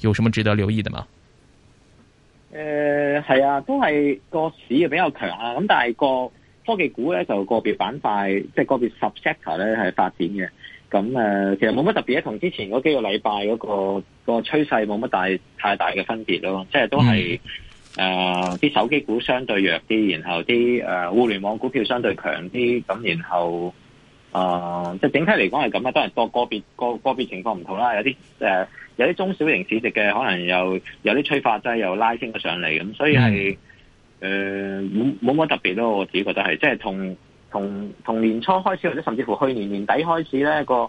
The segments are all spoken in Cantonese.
有什麼值得留意的嗎？誒、呃，係啊，都係個市啊比較強啊，咁但係個科技股咧就個別板塊，即係個別 subsector 咧係發展嘅，咁、嗯、誒其實冇乜特別，同之前嗰幾個禮拜嗰個個趨勢冇乜大太大嘅分別咯，即係都係誒啲手機股相對弱啲，然後啲誒互聯網股票相對強啲，咁然後誒即係整體嚟講係咁啊，都係個個別個個，個別情況唔同啦，有啲誒。呃有啲中小型市值嘅，可能有有啲催化劑又拉升咗上嚟咁，所以係誒冇冇乜特別咯。我自己覺得係即係同同同年初開始或者甚至乎去年年底開始咧個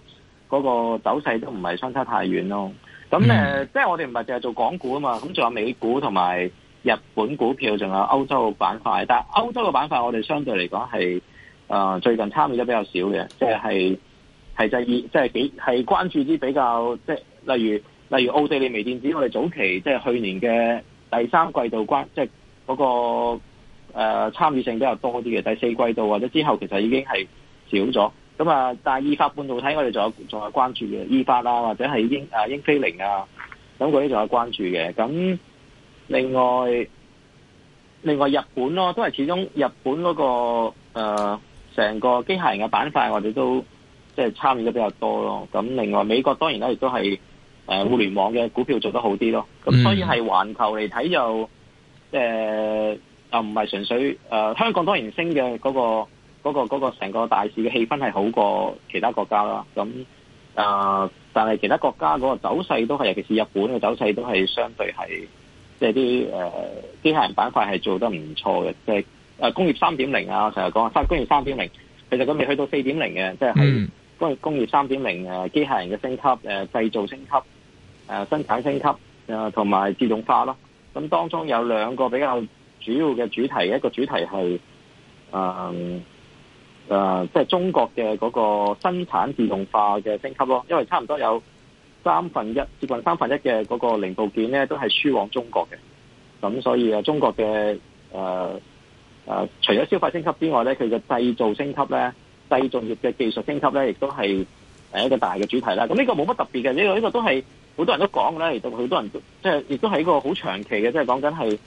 嗰個走勢都唔係相差太遠咯。咁誒、呃嗯，即係我哋唔係淨係做港股啊嘛，咁仲有美股同埋日本股票，仲有歐洲嘅板塊。但係歐洲嘅板塊，我哋相對嚟講係誒最近參與得比較少嘅，即係係制意，即係幾係關注啲比較即係例如。例如奧地利微電子，我哋早期即係、就是、去年嘅第三季度關，即係嗰個誒參與性比較多啲嘅。第四季度或者之後，其實已經係少咗。咁啊，但係意法半導體我們還，我哋仲有仲有關注嘅意法啊，或者係英誒英飛凌啊，咁嗰啲仲有關注嘅。咁另外另外日本咯，都係始終日本嗰、那個誒成、呃、個機械人嘅板塊，我哋都即係參與得比較多咯。咁另外美國當然啦，亦都係。誒、呃，互聯網嘅股票做得好啲咯，咁所以係環球嚟睇又誒，又唔係純粹誒、呃，香港當然升嘅、那個，嗰、那個嗰、那個嗰個成個大市嘅氣氛係好過其他國家啦。咁、呃、啊，但係其他國家嗰個走勢都係，尤其是日本嘅走勢都係相對係，即係啲誒，機、呃、械人板塊係做得唔錯嘅，即係誒、呃，工業三點零啊，我成日講返，工業三點零，其實佢未去到四點零嘅，即係係工業工業三點零誒，機械人嘅升級，誒、呃，製造升級。誒、啊，生產升級誒，同、啊、埋自動化咯。咁、啊、當中有兩個比較主要嘅主題，一個主題係誒誒，即、嗯、係、啊就是，中國嘅嗰個生產自動化嘅升級咯、啊。因為差唔多有三分一接近三分一嘅嗰個零部件咧，都係輸往中國嘅。咁、啊、所以啊，中國嘅誒誒，除咗消費升級之外咧，佢嘅製造升級咧，製造業嘅技術升級咧，亦都係誒一個大嘅主題啦。咁、啊、呢、嗯這個冇乜特別嘅，呢、這個呢、這個都係，好多人都講嘅咧，亦都好多人都即係，亦都係一個好長期嘅，即係講緊係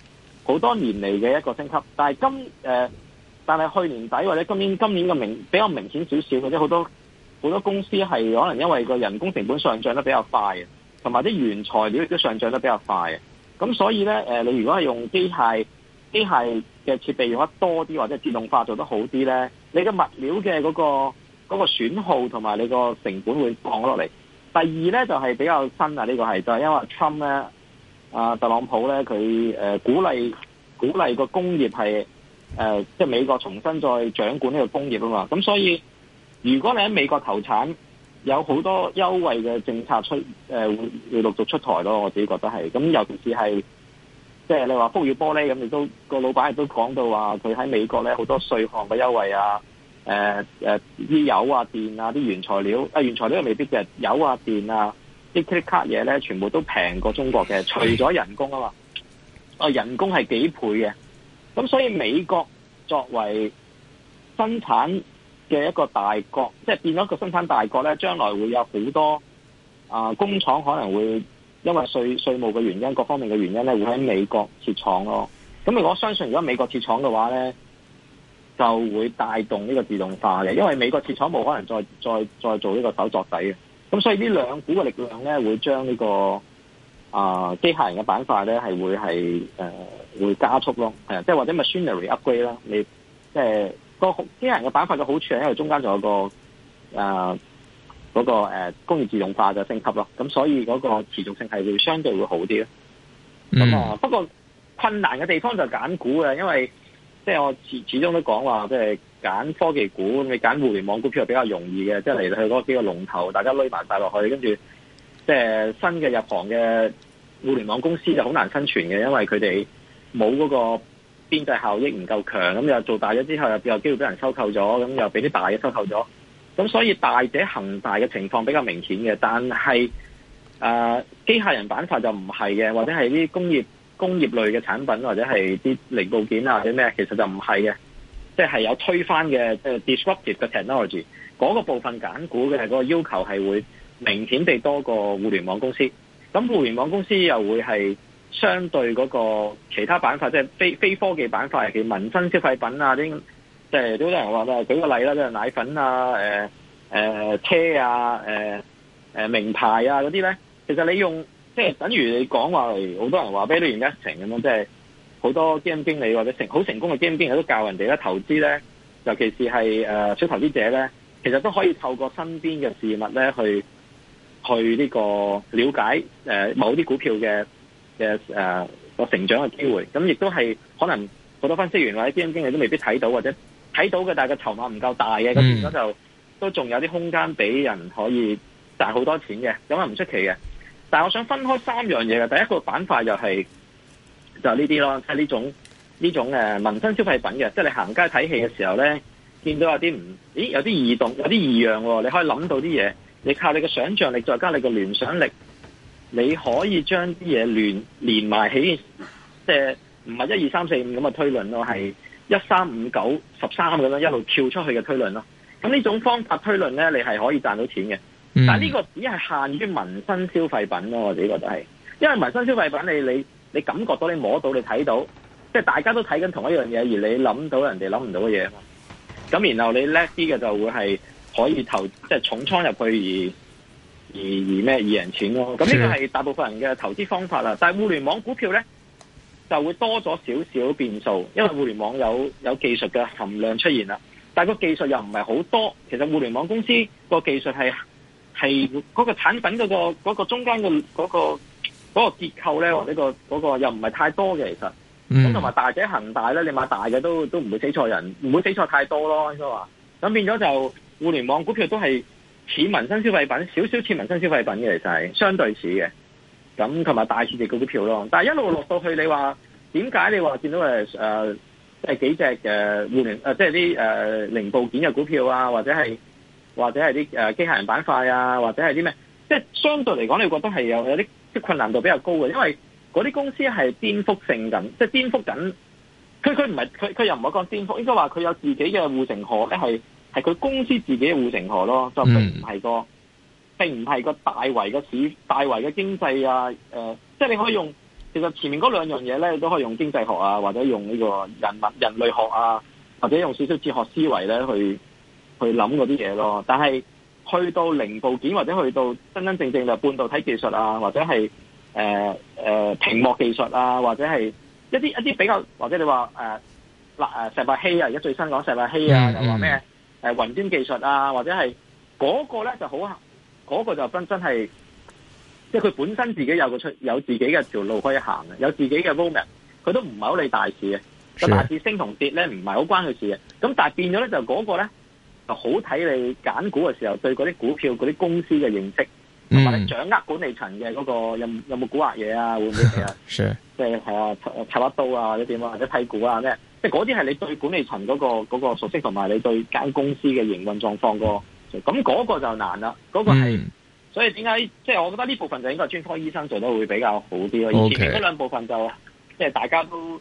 好多年嚟嘅一個升級。但係今誒、呃，但係去年底或者今年今年嘅明比較明顯少少，或者好多好多公司係可能因為個人工成本上漲得比較快，同埋啲原材料亦都上漲得比較快。咁所以咧、呃、你如果係用機械機械嘅設備用得多啲，或者自動化做得好啲咧，你嘅物料嘅嗰個嗰個損耗同埋你個成本會降落嚟。第二咧就係、是，比較新啊，呢、這個係就係因為 Trump 咧啊，特朗普咧佢誒鼓勵鼓勵個工業係誒、呃，即係美國重新再掌管呢個工業啊嘛。咁所以如果你喺美國投產，有好多優惠嘅政策出誒、呃，會陸續出台咯。我自己覺得係咁，尤其是係即係你話福耀玻璃咁，你都個老闆亦都講到話佢喺美國咧好多稅項嘅優惠啊。誒、呃、誒，啲油啊、電啊、啲原材料啊，原材料又未必嘅，油啊、電啊，啲 cut cut 嘢咧，全部都平過中國嘅，除咗人工啊嘛，啊人工係幾倍嘅，咁所以美國作為生產嘅一個大國，即係變咗個生產大國咧，將來會有好多啊、呃、工廠可能會因為稅稅務嘅原因，各方面嘅原因咧，會喺美國設廠咯。咁如果我相信，如果美國設廠嘅話咧。就會帶動呢個自動化嘅，因為美國鐵廠冇可能再再再做呢個手作底嘅，咁所以呢兩股嘅力量咧，會將呢、這個啊、呃、機械人嘅板塊咧係會係誒、呃、會加速咯、啊，即係或者 machinery upgrade 啦，你即係個機械人嘅板塊嘅好處係因為中間仲有個誒嗰、呃那個誒工業自動化嘅升級咯，咁、啊、所以嗰個持續性係會相對會好啲咯。咁、嗯、啊，不過困難嘅地方就揀股啊，因為。即係我始始終都講話，即係揀科技股，你揀互聯網股票比較容易嘅，即係嚟去嗰幾個龍頭，大家攏埋晒落去，跟住即係新嘅入行嘅互聯網公司就好難生存嘅，因為佢哋冇嗰個邊際效益唔夠強，咁又做大咗之後又有機會俾人收購咗，咁又俾啲大嘅收購咗，咁所以大者恒大嘅情況比較明顯嘅，但係誒、呃、機械人板塊就唔係嘅，或者係啲工業。工業類嘅產品或者係啲零部件啊，或者咩，其實就唔係嘅，即係有推翻嘅，即係 disruptive 嘅 technology 嗰個部分揀股嘅，嗰個要求係會明顯地多過互聯網公司。咁互聯網公司又會係相對嗰個其他板塊，即係非非科技板塊，其民生消費品啊啲，即係都有人話啦，舉個例啦，即係奶粉啊，呃呃、車啊、呃，名牌啊嗰啲咧，其實你用。即係 等於你講話，好多人話俾你員一情咁樣，即係好多基金經理或者成好成功嘅基金經理都教人哋咧投資咧，尤其是係誒小投資者咧，其實都可以透過身邊嘅事物咧去去呢、這個了解誒、呃、某啲股票嘅嘅誒個成長嘅機會。咁亦都係可能好多分析員或者基金經理都未必睇到，或者睇到嘅但係個籌碼唔夠大嘅咁，而家就都仲有啲空間俾人可以賺好多錢嘅，咁啊唔出奇嘅。但係我想分開三樣嘢嘅，第一個板塊就係就係呢啲咯，即係呢種呢種誒民生消費品嘅，即係你行街睇戲嘅時候咧，見到有啲唔，咦有啲異動，有啲異樣喎，你可以諗到啲嘢，你靠你嘅想像力，再加你嘅聯想力，你可以將啲嘢連連埋起，即係唔係一二三四五咁嘅推論咯，係一三五九十三咁樣一路跳出去嘅推論咯。咁呢種方法推論咧，你係可以賺到錢嘅。嗯、但係呢個只係限於民生消費品咯，我哋呢覺都係，因為民生消費品你你你，你感覺到你摸到你睇到，即係大家都睇緊同一樣嘢，而你諗到人哋諗唔到嘅嘢，咁然後你叻啲嘅就會係可以投即係、就是、重倉入去而而而咩贏錢咯。咁呢個係大部分人嘅投資方法啦。但係互聯網股票咧就會多咗少少變數，因為互聯網有有技術嘅含量出現啦。但係個技術又唔係好多，其實互聯網公司個技術係。係嗰、那個產品嗰、那個嗰、那個中間嗰、那個嗰、那個結構咧，呢、那個嗰、那個又唔係太多嘅其實。咁同埋大隻恒大咧，你買大嘅都都唔會死錯人，唔會死錯太多咯。所以話咁變咗就互聯網股票都係似民生消費品，少少似民生消費品嘅嚟，其實係相對似嘅。咁同埋大市值股票咯。但係一路落到去，你話點解你話見到誒即係幾隻誒互聯即係啲、呃、零部件嘅股票啊，或者係？或者係啲誒機械人板塊啊，或者係啲咩？即係相對嚟講，你覺得係有有啲即困難度比較高嘅，因為嗰啲公司係顛覆性緊、嗯，即係顛覆緊。佢佢唔係佢佢又唔可以講顛覆，應該話佢有自己嘅護城河咧，係係佢公司自己嘅護城河咯，就並唔係個並唔係個大圍嘅市大圍嘅經濟啊誒、呃，即係你可以用其實前面嗰兩樣嘢咧，你都可以用經濟學啊，或者用呢個人物人類學啊，或者用少少哲學思維咧去。去諗嗰啲嘢咯，但係去到零部件或者去到真真正正就半導體技術啊，或者係誒誒屏幕技術啊，或者係一啲一啲比較或者你話誒嗱，誒石墨烯啊，而家最新講石墨烯啊，又話咩誒雲端技術啊，或者係嗰個咧就好，嗰個就真真係即係佢本身自己有個出有自己嘅條路可以行嘅，有自己嘅 moment 佢都唔係好理大事嘅，個、sure. 大市升同跌咧唔係好關佢事嘅，咁但係變咗咧就嗰個咧。就好睇你揀股嘅時候對嗰啲股票、嗰啲公司嘅認識，同埋你掌握管理層嘅嗰個有有冇蠱惑嘢啊？會唔會啊？即係係啊，插插一刀啊，啊？或者點啊？或者睇股啊？咩？即係嗰啲係你對管理層嗰、那個嗰、那個熟悉，同埋你對間公司嘅營運狀況個咁嗰個就難啦。嗰、那個係 所以點解？即、就、係、是、我覺得呢部分就應該專科醫生做得會比較好啲咯。而前面呢兩部分就、okay. 即係大家都。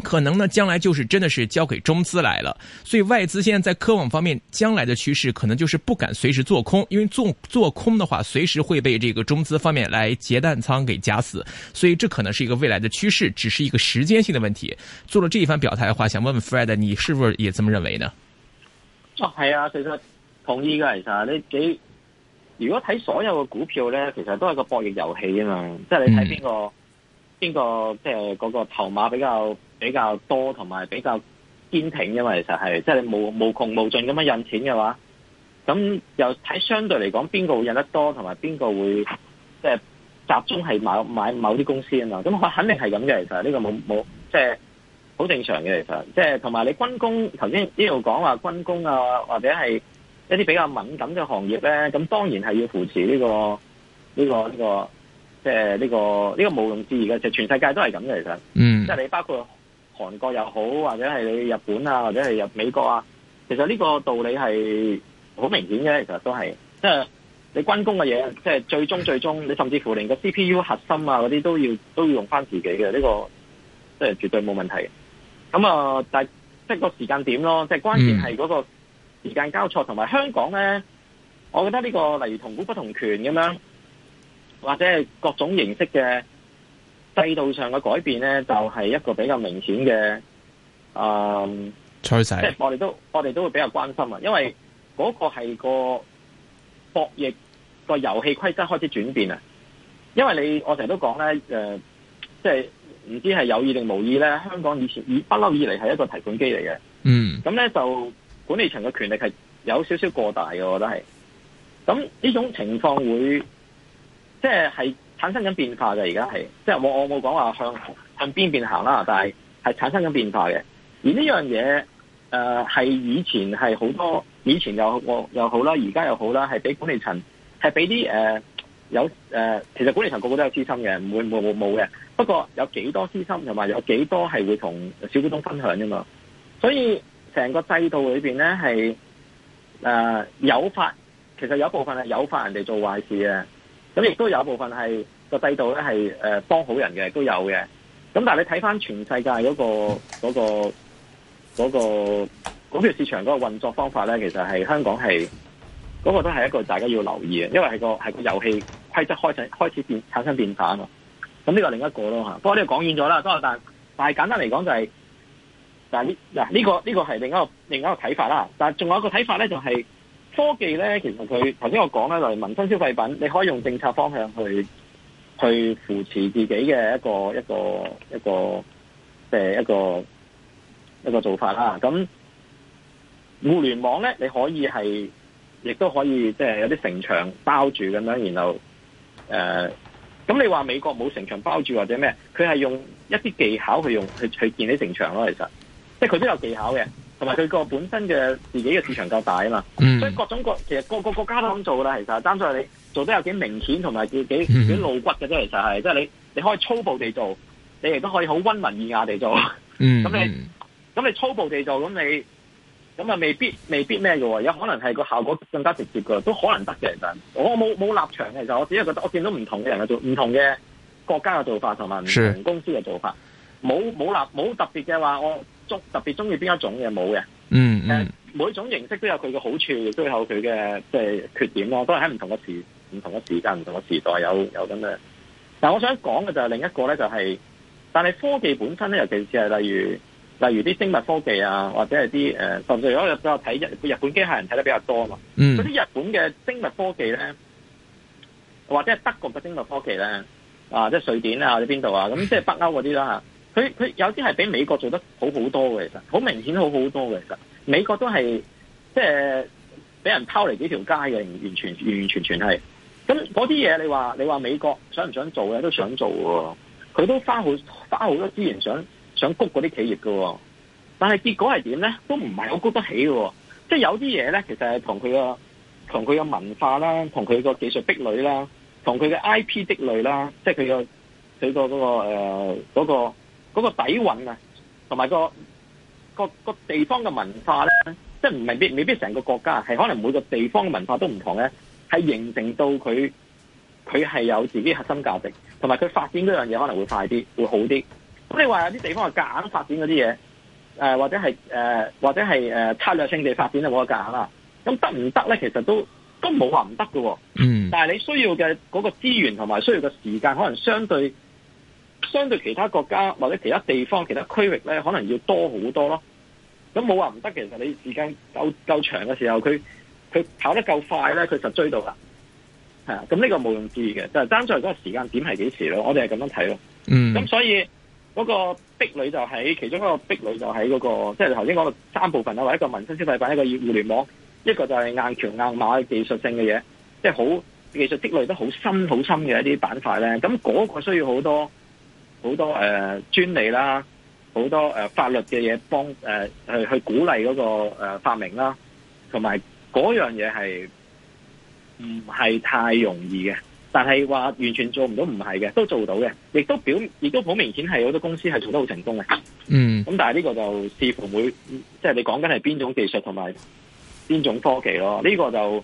可能呢，將來就是真的是交給中資來了。所以外資現在在科網方面，將來的趨勢可能就是不敢隨時做空，因為做做空的話，隨時會被這個中資方面來截彈倉給夾死。所以這可能是一個未來的趨勢，只是一個時間性的問題。做了這一番表態的話，想問問 Fred，你是不是也這麼認為呢？哦，係啊，其實同意噶，其實你你如果睇所有嘅股票呢，其實都係個博弈遊戲啊嘛，嗯、即係你睇邊個邊個即係嗰個籌碼比較。比較多同埋比較堅挺的，因為其實係即係你無無窮無盡咁樣印錢嘅話，咁又睇相對嚟講邊個會印得多，同埋邊個會即係集中係某買，買某啲公司啊嘛，咁佢肯定係咁嘅，其實呢個冇冇即係好正常嘅，其實即係同埋你軍工頭先呢度講話軍工啊，或者係一啲比較敏感嘅行業咧，咁當然係要扶持呢個呢個呢個即係呢個呢個無庸置疑嘅，就全世界都係咁嘅其實，嗯，即係你包括。韓國又好，或者係你日本啊，或者係入美國啊，其實呢個道理係好明顯嘅，其實都係，即係你軍工嘅嘢，即係最終最終，你甚至乎連個 CPU 核心啊嗰啲都要都要用翻自己嘅呢個，即係絕對冇問題。咁啊，但係即係個時間點咯，即係關鍵係嗰個時間交錯，mm. 同埋香港咧，我覺得呢個例如同股不同權咁樣，或者係各種形式嘅。制度上嘅改變咧，就係、是、一個比較明顯嘅誒趨勢，即係我哋都我哋都會比較關心啊，因為嗰個係個博弈個遊戲規則開始轉變啊。因為你我成日都講咧、呃，即係唔知係有意定無意咧，香港以前以不嬲以嚟係一個提款機嚟嘅，嗯，咁咧就管理層嘅權力係有少少過大嘅，我覺得係。咁呢種情況會即係係。在在產生緊變化嘅而家係，即係我我冇講話向向邊邊行啦，但係係產生緊變化嘅。而呢樣嘢，誒、呃、係以前係好多，以前又個又好啦，而家又好啦，係俾管理層係俾啲誒有誒、呃，其實管理層個個都有私心嘅，唔會冇冇冇冇嘅。不過有幾多私心，同埋有幾多係會同小股東分享啫嘛。所以成個制度裏邊咧係誒誘發，其實有一部分係誘發人哋做壞事嘅。咁亦都有一部分係個制度咧係誒幫好人嘅都有嘅，咁但係你睇翻全世界嗰、嗰個嗰、嗰個嗰、嗰個、嗰個、股票市場嗰個運作方法咧，其實係香港係嗰、嗰個都係一個大家要留意嘅，因為係個係個遊戲規則開始開始變產生變化嘛。咁呢個另一個咯吓，不過呢講遠咗啦，不過但係簡單嚟講就係、係，但係呢嗱呢個呢、呢個係另一個另一個睇法啦，但係仲有一個睇法咧就係、係。科技咧，其實佢頭先我講咧，就係民生消費品，你可以用政策方向去去扶持自己嘅一個一個一個，即係、呃、一個一個做法啦。咁互聯網咧，你可以係亦都可以，即係有啲城牆包住咁樣，然後誒，咁你話美國冇城牆包住或者咩？佢係用一啲技巧去用去去建啲城牆咯。其實，即係佢都有技巧嘅。同埋佢個本身嘅自己嘅市場夠大啊嘛，嗯，所以各種各其實各個國家都咁做啦，其實，爭在你做得有幾明顯同埋幾幾、嗯、幾露骨嘅啫，其實係，即係你你可以粗暴地做，你亦都可以好溫文爾雅地做。咁、嗯、 你咁你粗暴地做，咁你咁又未必未必咩嘅，有可能係個效果更加直接㗎，都可能得嘅。其實我冇冇立場，其實我只係覺得我見到唔同嘅人嘅做，唔同嘅國家嘅做法同埋唔同公司嘅做法，冇冇立冇特別嘅話我，中特別中意邊一種嘅，冇嘅，嗯，嗯，每種形式都有佢嘅好處，亦都有佢嘅即係缺點咯。都係喺唔同嘅時、唔同嘅時間、唔同嘅時代有有咁嘅。但我想講嘅就係、是、另一個咧，就係、是，但係科技本身咧，尤其是係例如例如啲精密科技啊，或者係啲誒，甚至如果入咗睇日日本機械人睇得比較多啊嘛，嗰、嗯、啲日本嘅精密科技咧，或者係德國嘅精密科技咧，啊，即係瑞典啊，或者邊度啊，咁即係北歐嗰啲啦。佢佢有啲係比美國做得好好多嘅，其實好明顯好好多嘅。其實美國都係即係俾人拋嚟幾條街嘅，完全完完全全係。咁嗰啲嘢你話你話美國想唔想做嘅都想做嘅，佢都花好花好多資源想想谷嗰啲企業嘅。但係結果係點咧？都唔係好谷得起嘅。即係有啲嘢咧，其實係同佢嘅同佢嘅文化啦，同佢個技術壁壘啦，同佢嘅 I P 積累啦，即係佢個佢個嗰個誒個。呃、那個嗰、那個底蘊啊，同埋個個個地方嘅文化咧，即係唔係必未必成個國家係可能每個地方嘅文化都唔同咧，係形成到佢佢係有自己核心價值，同埋佢發展嗰樣嘢可能會快啲，會好啲。咁你話有啲地方係夾硬發展嗰啲嘢，或者係、呃、或者係誒、呃、策略性地發展就冇得夾硬啦、啊。咁得唔得咧？其實都都冇話唔得㗎喎。嗯。但係你需要嘅嗰個資源同埋需要嘅時間，可能相對。相對其他國家或者其他地方、其他區域咧，可能要多好多咯。咁冇話唔得，其實你時間夠夠長嘅時候，佢佢跑得夠快咧，佢就追到啦。係啊，咁、這、呢個冇用置疑嘅，就係爭在嗰個時間點係幾時咯。我哋係咁樣睇咯。嗯。咁、啊、所以嗰個壁壘就喺其中一個壁壘就喺嗰、那個，即係頭先講嘅三部分啦，或者一個民生消費品、一個業互聯網，一個就係硬橋硬馬嘅技術性嘅嘢，即係好技術積累得好深、好深嘅一啲板塊咧。咁、那、嗰個需要好多。好多誒、呃、專利啦，好多誒、呃、法律嘅嘢幫誒、呃、去去鼓勵嗰、那個誒、呃、發明啦，同埋嗰樣嘢係唔係太容易嘅？但係話完全做唔到唔係嘅，都做到嘅，亦都表亦都好明顯係好多公司係做得好成功嘅。嗯，咁但係呢個就視乎會即係你講緊係邊種技術同埋邊種科技咯？呢、這個就呢、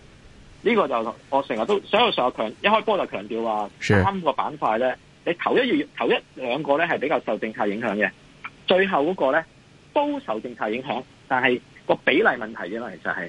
這個就我成日都，所有所有強一開波就強調話，啱、sure. 個板塊咧。你頭一月、頭一兩個咧係比較受政策影響嘅，最後嗰個咧都受政策影響，但係個比例問題㗎嘛，其實係。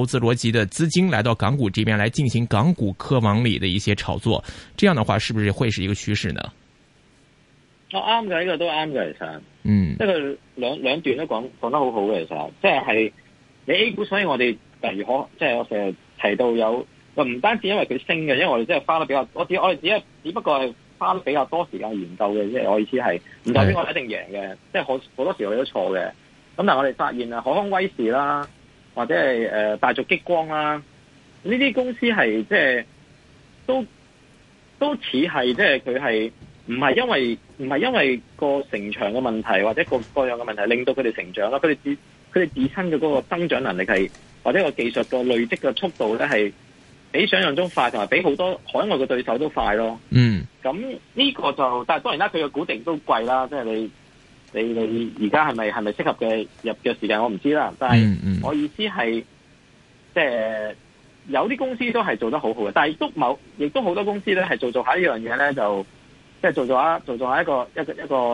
投資邏輯嘅資金來到港股這邊來進行港股科網裏嘅一些炒作，這樣的話是不是會是一個趨勢呢？我啱嘅，呢個都啱嘅，其實，嗯，即係呢個兩兩段都講講得好好嘅，其實，即係係你 A 股，所以我哋例如可，即係我成日提到有唔單止因為佢升嘅，因為我哋即係花得比較多，只我哋只係只不過係花得比較多時間研究嘅，即係我意思係唔代表我哋一定贏嘅，即係好好多時候我都錯嘅。咁但係我哋發現啊，海康威視啦。或者係誒大族激光啦、啊，呢啲公司係即係都都似係即係佢係唔係因為唔係因為個成長嘅問題或者個各樣嘅問題令到佢哋成長啦，佢哋自佢哋自身嘅個增長能力係或者個技術個累積嘅速度咧係比想象中快，同埋比好多海外嘅對手都快咯。嗯，咁呢個就但係當然啦，佢嘅估值都貴啦，即係你。你你而家係咪係咪適合嘅入嘅時間我唔知啦，但係我意思係，即係，有啲公司都係做得好好嘅，但係都冇，亦都好多公司咧係做做下一樣嘢咧，就即係做做下做做下一個一個一個，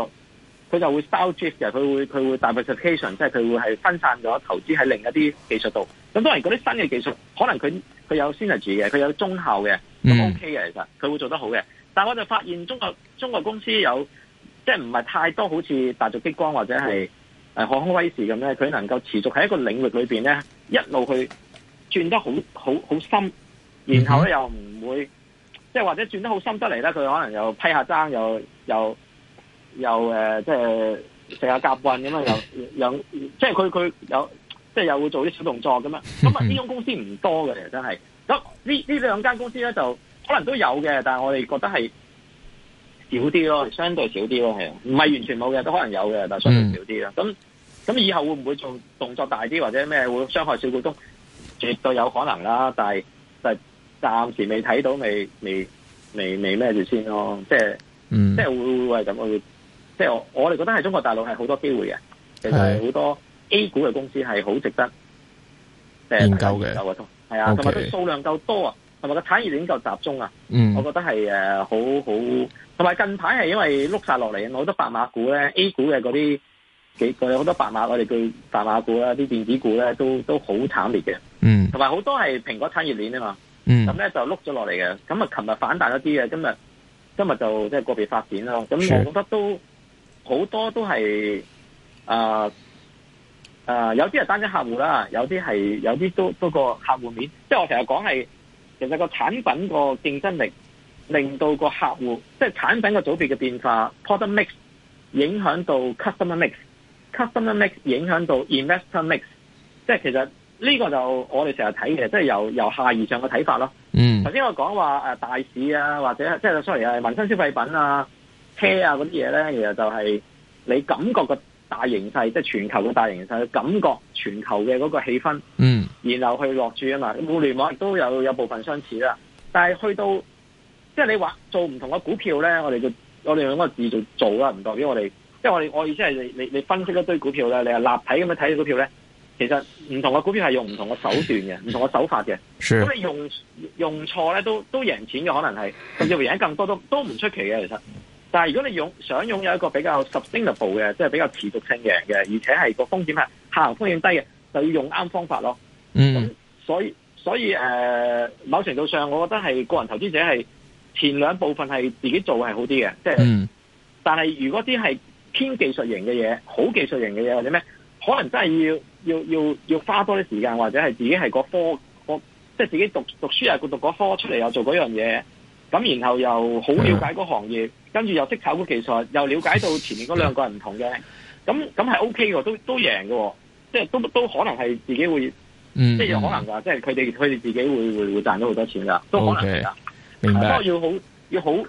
佢就會 style drift，佢會佢會 diversification，即係佢會係分散咗投資喺另一啲技術度。咁當然嗰啲新嘅技術，可能佢佢有 synergy 嘅，佢有中效嘅都 OK 嘅，其實佢會做得好嘅。但係我就發現中國中國公司有。即係唔係太多，好似大族激光或者係誒航空威視咁咧，佢能夠持續喺一個領域裏邊咧，一路去轉得好好好深，然後咧又唔會，即係或者轉得好深得嚟咧，佢可能又批下踭又又又誒、呃，即係成日夾運咁啊，又又即係佢佢有，即係又會做啲小動作咁啊。咁啊，呢種公司唔多嘅，其實真係。咁呢呢兩間公司咧，就可能都有嘅，但係我哋覺得係少啲咯，相對少啲咯，係啊，唔係完全冇嘅，都可能有嘅，但係相對少啲啦。咁、嗯、咁以後會唔會做動作大啲或者咩會傷害小股東？絕對有可能啦，但係但係暫時未睇到，未未未未咩住先咯。即係、嗯、即係會會係咁我會，即係我我哋覺得係中國大陸係好多機會嘅，其實好多 A 股嘅公司係好值得研究嘅，係啊，同埋佢數量夠多啊。同埋個產業鏈夠集中啊、嗯，我覺得係誒好好。同埋近排係因為碌晒落嚟，好多白馬股咧，A 股嘅嗰啲幾，個有好多白馬，我哋叫白馬股啦，啲電子股咧都都好慘烈嘅。嗯，同埋好多係蘋果產業鏈啊嘛。咁、嗯、咧就碌咗落嚟嘅，咁啊，琴日反彈咗啲嘅，今日今日就即係個別發展囉。咁我覺得都好多都係啊啊，有啲係單一客戶啦，有啲係有啲都個個客戶面。即係我成日講係。其實個產品個競爭力，令到個客戶，即係產品個組別嘅變化，product mix，影響到 customer mix，customer mix 影響到 investor mix，即係其實呢個就我哋成日睇嘅，即係由由下而上嘅睇法咯。嗯，頭先我講話誒大市啊，或者即係 sorry 啊，民生消費品啊、車啊嗰啲嘢咧，其實就係你感覺個。大形勢，即係全球嘅大形勢，去感覺全球嘅嗰個氣氛，嗯、mm.，然後去落注啊嘛。互聯網亦都有有部分相似啦，但係去到即係你話做唔同嘅股票咧，我哋嘅我哋用個字就做啦，唔代表我哋，即係我哋我意思係你你你分析一堆股票咧，你係立體咁樣睇股票咧，其實唔同嘅股票係用唔同嘅手段嘅，mm. 唔同嘅手法嘅，咁、sure. 你用用錯咧都都贏錢嘅可能係，甚至乎贏更多都都唔出奇嘅，其實。但係如果你擁想擁有一個比較 sustainable 嘅，即係比較持續性嘅，而且係個風險係下行風險低嘅，就要用啱方法咯。嗯，所以所以誒、呃，某程度上我覺得係個人投資者係前兩部分係自己做係好啲嘅、即係。嗯。但係如果啲係偏技術型嘅嘢，好技術型嘅嘢或者咩，可能真係要要要要花多啲時間，或者係自己係個科即係自己讀讀書又讀個科出嚟又做嗰樣嘢，咁然後又好了解個行業。跟住又識炒股技術，又了解到前面嗰兩個人唔同嘅，咁咁係 O K 喎，都都贏嘅、哦，即係都都可能係自己會，嗯嗯即係有可能㗎，即係佢哋佢哋自己會會會賺咗好多錢㗎，都可能㗎，不過要好要好。要好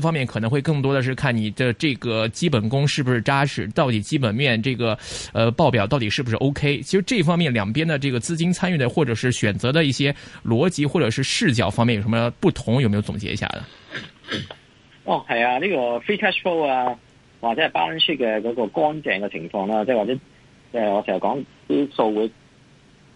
方面可能會更多的是看你的這個基本功是不是紮實，到底基本面這個呃報表到底是不是 OK。其實這方面兩邊的這個資金參與的或者是選擇的一些邏輯或者是視角方面有什麼不同，有沒有總結一下的？哦，係啊，呢、這個 free cash flow 啊，或者 balance sheet 嘅嗰個乾淨嘅情況啦、啊，即係或者誒、呃、我成日講啲數會即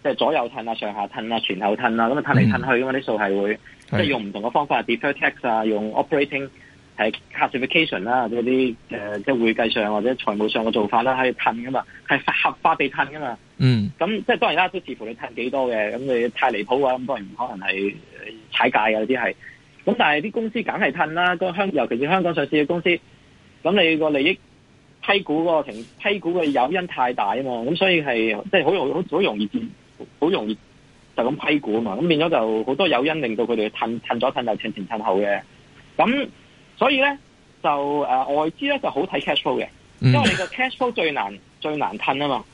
係、就是、左右褪啊，上下褪啊，全後褪啊，咁啊褪嚟褪去咁啊啲數係會即係用唔同嘅方法 deferred tax 啊，用 operating。係 classification 啦，嗰啲誒即係會計上或者、呃、上或者財務上嘅做法啦，喺度褪噶嘛，係合法地褪噶嘛。嗯，咁 即係當，當然啦，都視乎你褪幾多嘅。咁你太離譜啊，咁當然可能係踩界嘅啲係。咁但係啲公司梗係褪啦，個香尤其是香港上市嘅公司。咁你個利益批股嗰個停批股嘅誘因太大啊嘛，咁所以係即係好容好好容易變好容，容易就咁批股啊嘛。咁變咗就好多誘因令到佢哋褪，褪咗，褪又趁前褪後嘅咁。所以咧就誒、呃、外資咧就好睇 cash flow 嘅，因為你個 cash flow 最難 最難吞啊嘛，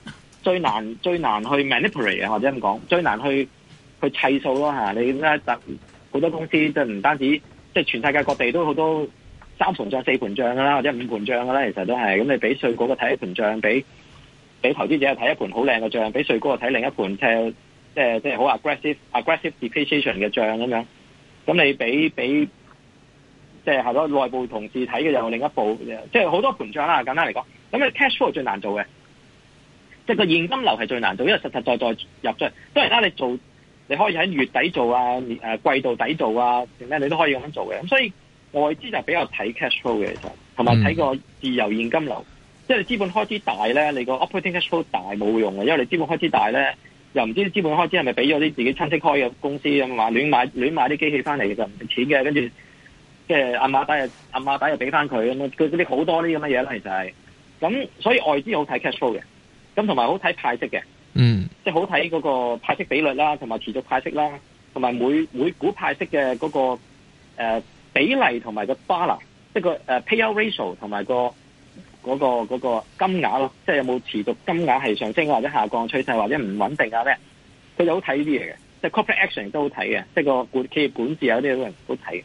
最難最難去 manipulate 啊，或者咁講，最難去去砌數咯嚇你咧就好多公司就唔單止即係全世界各地都好多三盤帳四盤帳噶啦，或者五盤帳噶啦，其實都係咁。你俾稅局睇一盤帳，俾俾投資者睇一盤好靚嘅帳，俾稅局睇另一盤即係即係即係好 aggressive aggressive depreciation 嘅帳咁樣。咁你俾俾。即係係咯，內部同事睇嘅又另一部，即係好多盤賬啦。簡單嚟講，咁你 cash flow 最難做嘅，即係個現金流係最難做，因為實實在在入咗去。當然啦，你做你可以喺月底做啊，誒、啊、季度底做啊，定咩你都可以咁樣做嘅。咁所以外資就比較睇 cash flow 嘅，其實同埋睇個自由現金流。即係資本開支大咧，你個 operating cash flow 大冇用嘅，因為你資本開支大咧，又唔知資本開支係咪俾咗啲自己親戚開嘅公司，咁話亂買亂買啲機器翻嚟嘅，其實唔係錢嘅，跟住。即係押馬底，押馬底又俾翻佢咁咯，佢嗰啲好多啲咁嘅嘢啦。其就係、是、咁，所以外資好睇 cash flow 嘅，咁同埋好睇派息嘅，嗯、mm.，即係好睇嗰個派息比率啦，同埋持續派息啦，同埋每每股派息嘅嗰、那個誒、呃、比例同埋個 balance，即係個誒、呃、pay out ratio，同埋、那個嗰、那個、那個金額咯，即係有冇持續金額係上升或者下降趨勢或者唔穩定啊咩？佢就好睇呢啲嘢嘅，即、就、係、是、corporate action 都好睇嘅，即係個管企業管治有啲好睇。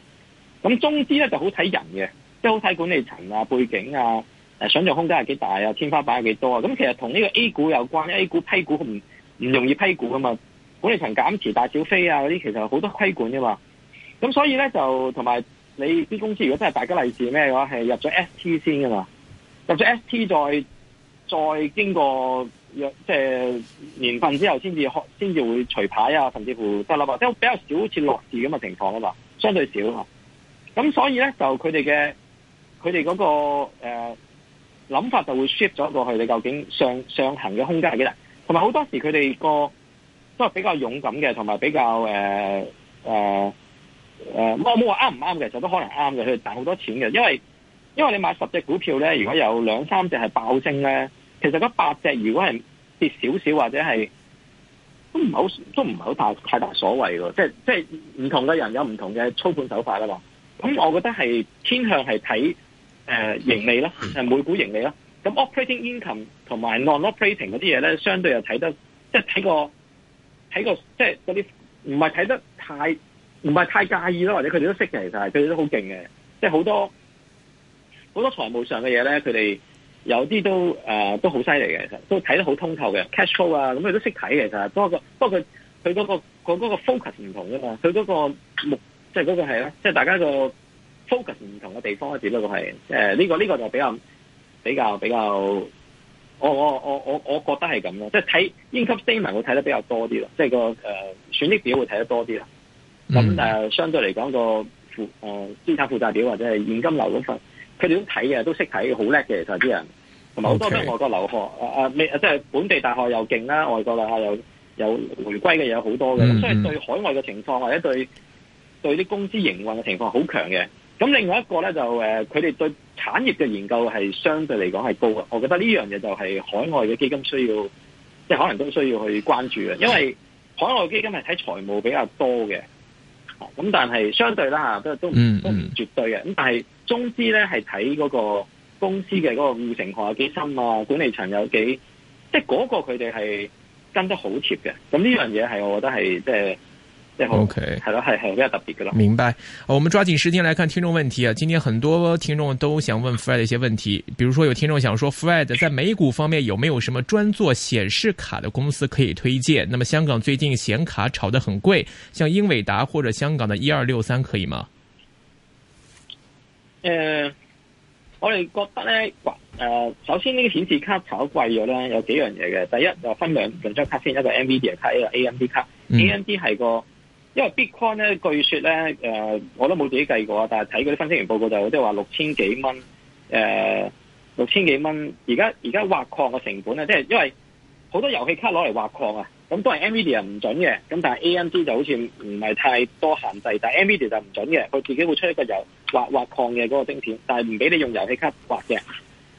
咁中資咧就好睇人嘅，即係好睇管理層啊、背景啊、誒想象空間係幾大啊、天花板係幾多啊。咁其實同呢個 A 股有關，A 股批股唔唔容易批股噶嘛。管理層減持大小飛啊嗰啲，其實好多規管噶嘛。咁所以咧就同埋你啲公司，如果真係大吉利是咩嘅話，係入咗 ST 先噶嘛，入咗 ST 再再經過即係、就是、年份之後，先至先至會除牌啊，甚至乎得啦嘛，即係比較少好似落市咁嘅情況啊嘛，相對少啊。咁所以咧，就佢哋嘅佢哋嗰個誒諗、呃、法就會 shift 咗過去。你究竟上上行嘅空間係幾大？同埋好多時佢哋個都係比較勇敢嘅，同埋比較誒誒誒，我冇話啱唔啱嘅，其、呃、實、呃、都可能啱嘅。佢哋賺好多錢嘅，因為因為你買十隻股票咧，如果有兩三隻係爆升咧，其實嗰八隻如果係跌少少或者係都唔係好都唔係好大太大所謂嘅。即係即係唔同嘅人有唔同嘅操盤手法啦嘛。咁我覺得係偏向係睇誒盈利咯，係每股盈利咯。咁 operating income 同埋 non-operating 嗰啲嘢咧，相對又睇得即係睇個睇個即係嗰啲唔係睇得太唔係太介意咯，或者佢哋都識嘅其實，佢哋都好勁嘅。即係好多好多財務上嘅嘢咧，佢哋有啲都誒都好犀利嘅，其實都睇得好通透嘅 cash flow 啊，咁佢都識睇嘅其實。不過不過佢佢嗰個佢嗰個 focus 唔同啊嘛，佢嗰個目。即係嗰個係咧，即、就、係、是、大家個 focus 唔同嘅地方咧，只不過係誒呢個呢、這個就比較比較比較，我我我我我覺得係咁咯。即係睇 Income statement，會睇得比較多啲咯。即、就、係、是、個誒損、呃、益表會睇得多啲啦。咁、mm. 嗯、但係相對嚟講個負誒、呃、資產負債表或者係現金流嗰份，佢哋都睇嘅，都識睇，好叻嘅其實啲人。同埋好多都係外國留學啊啊、okay. 呃，即係本地大學又勁啦，外國大學又又回歸嘅嘢好多嘅，mm. 所以對海外嘅情況或者對。對啲公司營運嘅情況好強嘅，咁另外一個咧就誒，佢、呃、哋對產業嘅研究係相對嚟講係高嘅，我覺得呢樣嘢就係海外嘅基金需要，即係可能都需要去關注嘅，因為海外嘅基金係睇財務比較多嘅，咁、哦、但係相對啦吓都、mm -hmm. 都唔都唔絕對嘅，咁但係中資咧係睇嗰個公司嘅嗰個護城河有幾深啊，管理層有幾，即係嗰個佢哋係跟得好貼嘅，咁呢樣嘢係我覺得係即係。O K，係咯，係係比較特別噶咯。明白，啊，我們抓緊時間來看聽眾問題啊。今天很多聽眾都想問 Fred 一些問題，比如說有聽眾想說，Fred 在美股方面有沒有什麼專做顯示卡的公司可以推薦？那麼香港最近顯卡炒得很貴，像英偉達或者香港的一二六三可以嗎？誒、呃，我哋覺得咧，誒、呃，首先呢個顯示卡炒貴咗咧，有幾樣嘢嘅。第一就分兩兩張卡先，一個 N V D A 卡，一個 A M D 卡。嗯、A M D 係個。因為 Bitcoin 咧，據說咧，誒、呃，我都冇自己計過啊，但係睇嗰啲分析員報告就即係話六千幾蚊，誒、呃，六千幾蚊。而家而家挖礦嘅成本咧，即係因為好多遊戲卡攞嚟挖礦啊，咁都係 Nvidia 唔准嘅，咁但係 AMD 就好似唔係太多限制，但係 Nvidia 就唔准嘅，佢自己會出一個遊挖挖礦嘅嗰個晶片，但係唔俾你用遊戲卡挖嘅，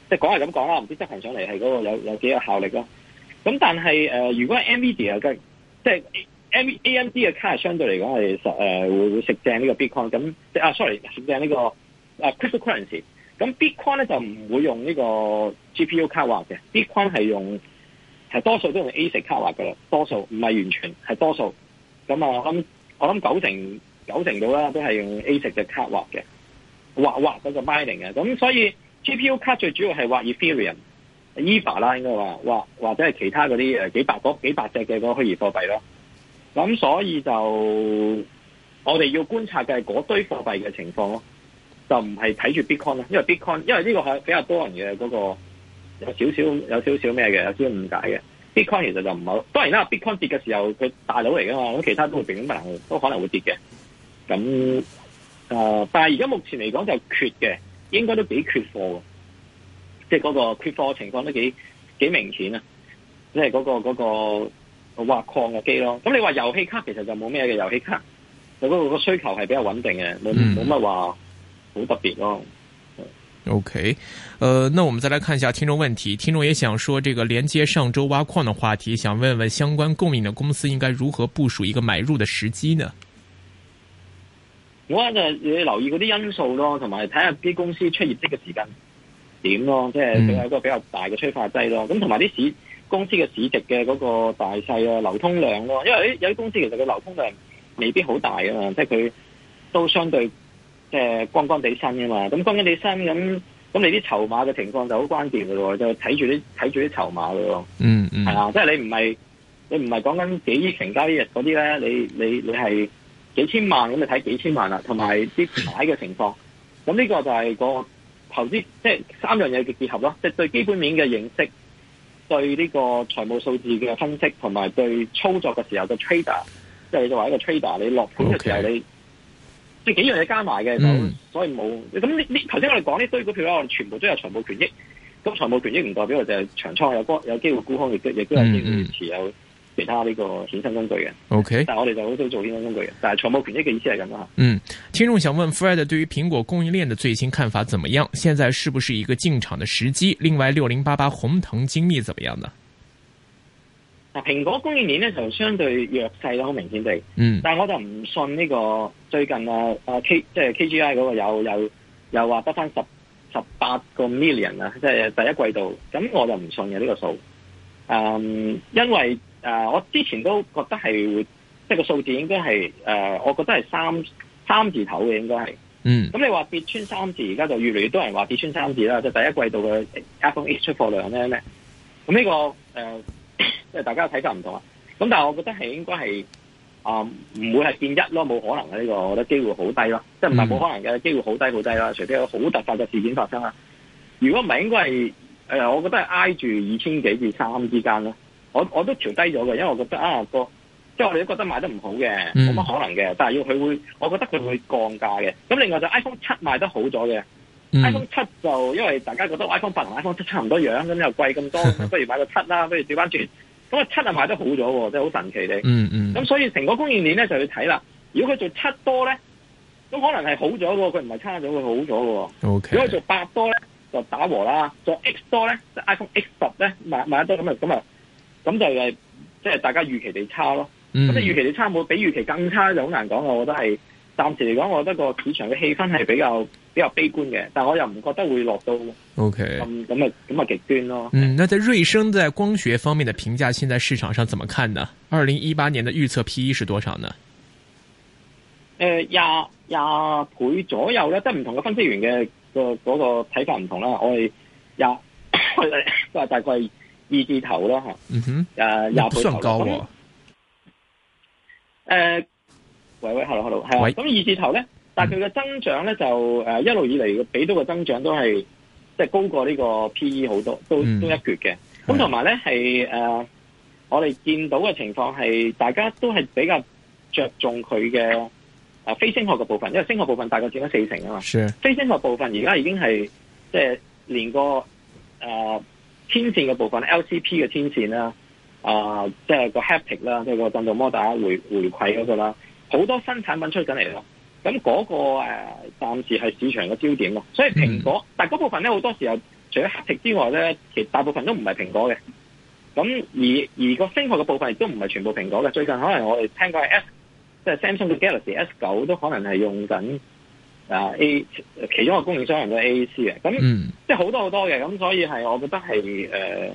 即係講係咁講啦，唔知執行上嚟係嗰個有有幾有效力咯。咁但係誒、呃，如果係 Nvidia 又得即係。AMD 嘅卡係相對嚟講係實誒會會食正呢個 Bitcoin 咁，即係啊 sorry 食正、這個啊、呢個 cryptocurrency。咁 Bitcoin 咧就唔會用呢個 GPU 卡畫嘅，Bitcoin 係用係多數都用 ASIC 卡畫噶啦，多數唔係完全係多數。咁啊，我諗我諗九成九成度啦，都係用 ASIC 嘅卡畫嘅，畫畫嗰個 mining 嘅。咁所以 GPU 卡最主要係畫 Ethereum、EVA 啦，應該話或或者係其他嗰啲誒幾百個幾百隻嘅嗰個虛擬貨幣咯。咁所以就我哋要觀察嘅係嗰堆貨幣嘅情況咯，就唔係睇住 Bitcoin 咯，因為 Bitcoin 因為呢個係比較多人嘅嗰、嗰個有少少有少少咩嘅有少少誤解嘅 Bitcoin 其實就唔係，當然啦，Bitcoin 跌嘅時候佢大佬嚟嘅嘛，咁其他都會變咁都可能會跌嘅。咁啊、呃，但係而家目前嚟講就缺嘅，應該都幾缺貨嘅，即係嗰個缺貨情況都幾幾明顯啊！即係嗰個嗰個。嗰個挖礦嘅機咯，咁你話遊戲卡其實就冇咩嘅遊戲卡，佢嗰個個需求係比較穩定嘅，冇冇乜話好特別咯。OK，誒、呃，那我們再來看一下聽眾問題，聽眾也想說，這個連接上周挖礦的話題，想問問相關供應的公司應該如何部署一個買入的時機呢？我就你留意嗰啲因素咯，同埋睇下啲公司出業績嘅時間點咯，即係佢有個比較大嘅催化劑咯，咁同埋啲市。公司嘅市值嘅嗰個大細啊，流通量咯、啊，因為有啲公司其實佢流通量未必好大啊，即係佢都相對即係、呃、光光地新吖嘛，咁、嗯、光光地新咁咁你啲籌碼嘅情況就好關鍵嘅、啊、咯，就睇住啲睇住啲籌碼咯、啊，嗯嗯，係啊，即係你唔係你唔係講緊幾億成交一日嗰啲咧，你你你係幾千萬咁你睇幾千萬啦、啊，同埋啲牌嘅情況，咁呢個就係個投資即係三樣嘢嘅結合咯、啊，即係對基本面嘅認識。對呢個財務數字嘅分析，同埋對操作嘅時候嘅 trader，即係你作為一個 trader，你落盤嘅時候，okay. 你即係幾樣嘢加埋嘅、嗯，所以冇咁呢呢。頭先我哋講呢堆股票咧，我哋全部都有財務權益，咁財務權益唔代表就係長倉有有機會沽空，亦都亦都有機會、嗯嗯、持有。其他呢個衍生工具嘅，O K，但係我哋就好少做衍生工具嘅，但係財務權益嘅意思係咁啊。嗯，聽眾想問 Fred 對於蘋果供應鏈嘅最新看法怎麼樣？現在是不是一個進場嘅時機？另外，六零八八鴻騰精密怎麼樣呢？啊，蘋果供應鏈咧就相對弱勢咯，好明顯地，嗯，但係我就唔信呢個最近啊啊 K 即係 K G I 嗰個有有又話得返十十八個 million 啊。即係第一季度，咁我就唔信嘅呢個數，嗯，因為。誒、uh,，我之前都覺得係會，即係個數字應該係誒，uh, 我覺得係三三字頭嘅應該係。嗯。咁你話跌穿三字，而家就越嚟越多人話跌穿三字啦。即係第一季度嘅 iPhone X 出貨量咧咩？咁呢、這個誒，即、uh, 係大家睇法唔同啊。咁但係我覺得係應該係啊，唔、uh, 會係見一咯，冇可能嘅呢、這個，我覺得機會好低咯。Mm. 即係唔係冇可能嘅，機會好低好低啦。除非有好突發嘅事件發生啦。如果唔係，應該係誒，我覺得係挨住二千幾至三之間咯。我我都調低咗嘅，因為我覺得啊個，即係我哋都覺得賣得唔好嘅，冇、嗯、乜可能嘅。但係要佢會，我覺得佢會降價嘅。咁另外就 iPhone 七賣得好咗嘅、嗯、，iPhone 七就因為大家覺得 iPhone 八同 iPhone 七差唔多樣，咁又貴咁多， 不如買個七啦，不如轉翻轉。咁啊七係賣得好咗，即係好神奇哋。咁、嗯嗯、所以成個供應鏈咧就要睇啦。如果佢做七多咧，咁可能係好咗喎，佢唔係差咗，佢好咗喎。Okay. 如果佢做八多咧，就打和啦。做 X 多咧、就是、，iPhone X 十咧賣賣得多咁啊咁啊。咁就係即係大家預期地差咯，咁即係預期地差，冇比預期更差就好難講啦。我覺得係暫時嚟講，我覺得個市場嘅氣氛係比較比較悲觀嘅，但係我又唔覺得會落到 O K 咁咁啊咁啊極端咯。嗯，那在瑞聲在光學方面的評價，現在市場上怎麼看呢？二零一八年的預測 P E 是多少呢？誒、呃，廿廿倍左右咧，即係唔同嘅分析員嘅、那個嗰、那個睇法唔同啦。我哋廿都係大概。二字頭咯吓，嗯哼，誒廿倍頭，誒、啊呃，喂喂，hello hello，係啊。咁二字頭咧、嗯，但係佢嘅增長咧就誒一路以嚟嘅俾到嘅增長都係即係高過呢個 P E 好多，都、嗯、都一決嘅。咁同埋咧係誒，我哋見到嘅情況係大家都係比較着重佢嘅誒非升學嘅部分，因為升學部分大概占咗四成啊嘛。係。非升學部分而家已經係即係連個誒。呃天線嘅部分，LCP 嘅天線啦，啊、呃，即、就、係、是、個 Haptic 啦，即係個振動摩打回回饋嗰、那個啦，好多新產品出緊嚟咯。咁嗰、那個誒，暫、呃、時係市場嘅焦點咯。所以蘋果，嗯、但係嗰部分咧，好多時候除咗 Haptic 之外咧，其實大部分都唔係蘋果嘅。咁而而那個聲學嘅部分亦都唔係全部蘋果嘅。最近可能我哋聽過係 S，即係 Samsung 嘅 Galaxy S 九都可能係用緊。啊、uh, A，其中一個供應商人都係 A A C 嘅，咁、mm. 即係好多好多嘅，咁所以係我覺得係誒。Uh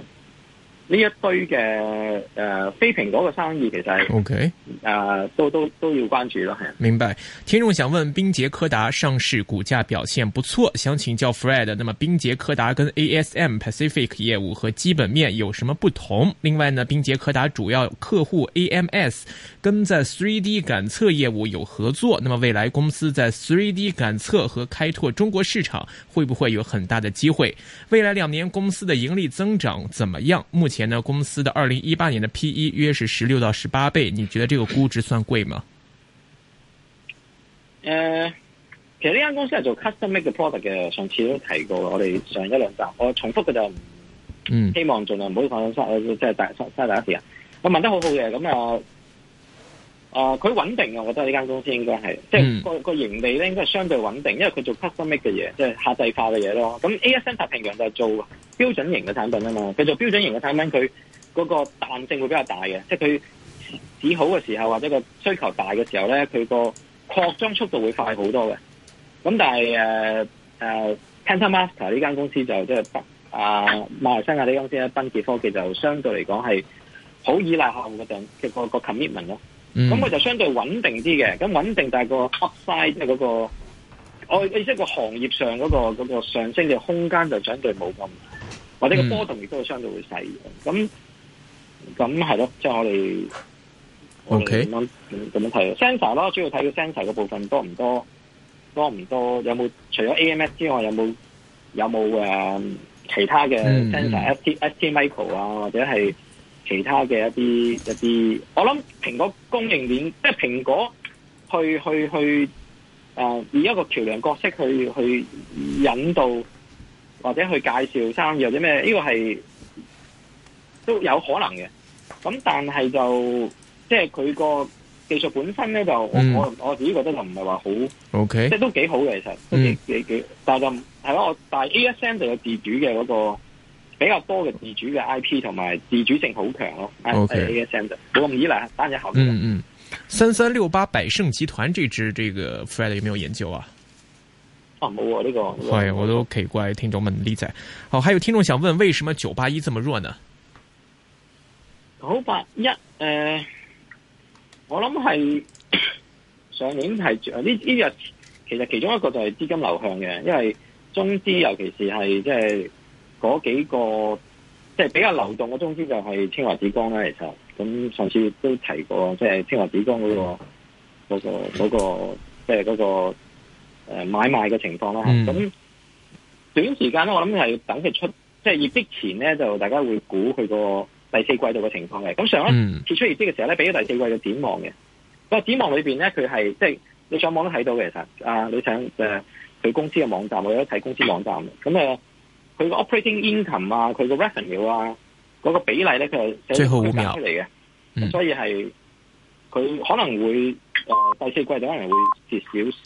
呢一堆嘅誒非蘋果嘅生意其實係，OK，啊、呃，都都都要關注咯，係。明白，聽眾想問，冰潔柯達上市股價表現不錯，想請教 Fred，那麼冰潔柯達跟 ASM Pacific 業務和基本面有什麼不同？另外呢，冰潔柯達主要客戶 AMS 跟在 3D 感測業務有合作，那麼未來公司在 3D 感測和開拓中國市場會不會有很大的機會？未來兩年公司的盈利增長怎麼樣？目前？前呢公司的二零一八年的 P/E 約是十六到十八倍，你覺得這個估值算貴嗎？誒、uh,，其實呢間公司係做 custom make product 嘅，上次都提過啦，我哋上一兩集，我重複嘅就，嗯，希望盡量唔好發生，即、mm. 係大失大事啊，我問得好好嘅，咁、嗯、啊。 啊、呃！佢穩定啊，我覺得呢間公司應該係，即係個個盈利咧應該相對穩定，因為佢做 custom made 嘅嘢，即係客製化嘅嘢咯。咁 ASM 太平洋就係做標準型嘅產品啊嘛。佢做標準型嘅產品，佢嗰個彈性會比較大嘅，即係佢市好嘅時候或者個需求大嘅時候咧，佢個擴張速度會快好多嘅。咁但係誒、呃、誒、呃、Pentamaster 呢間公司就即係啊、呃，馬來西亞呢間公司咧，濱捷科技就相對嚟講係好依賴客戶嘅訂個 commitment 咯。咁、嗯、佢就相對穩定啲嘅，咁穩定但係個 upside 即係嗰個，我、哦、意思個行業上嗰、嗰個嗰、嗰個上升嘅空間就相對冇咁，或者個波動亦都係相對會細嘅。咁咁係咯，啊 okay? 即係我哋，我哋點樣咁樣睇 sensor 咯？主要睇個 sensor 嘅部分多唔多，多唔多？有冇除咗 AMS 之外，有冇有冇、呃、其他嘅 sensor？ST ST、嗯、Micro 啊，或者係。其他嘅一啲一啲，我諗蘋果供應鏈即係蘋果去去去，誒、呃、以一個橋樑角色去去引導或者去介紹生意或者咩？呢、這個係都有可能嘅。咁、嗯、但係就即係佢個技術本身咧，就、嗯、我我我自己覺得就唔係話好，okay, 即係都幾好嘅，其實都幾幾幾，但係就係咯，我但係 ASM 就有自主嘅、嗰個。比較多嘅自主嘅 IP 同埋自主性好強咯。OK，我唔依啦，單日後。嗯嗯，三三六八百盛集團這支，這個 Fred 有沒有研究啊？啊冇啊，呢、這個係、哎、我都奇怪，聽眾們理解。好，還有聽眾想問，為什麼九八一這麼弱呢、啊？九八一誒，我諗係上年係呢呢日，其實其中一個就係資金流向嘅，因為中資尤其是係即係。嗰幾個即係比較流動嘅，中資就係清華紫光啦。其實咁上次都提過，即係清華紫光嗰個嗰、嗰個、嗰個即係嗰個誒、嗰個呃、買賣嘅情況啦。咁、mm. 短時間咧，我諗係等佢出即係業績前咧，就大家會估佢個第四季度嘅情況嘅。咁上一次出業績嘅時候咧，俾咗第四季度展望嘅。個展望裏邊咧，佢係即係你上網都睇到嘅。其實啊，你想誒，佢、呃、公司嘅網站，或者睇公司網站嘅。咁佢個 operating income 啊，佢個 revenue 啊，嗰個比例咧，佢係寫啲數據出嚟嘅，所以係佢、嗯、可能會誒、呃、第四季度可能會跌少。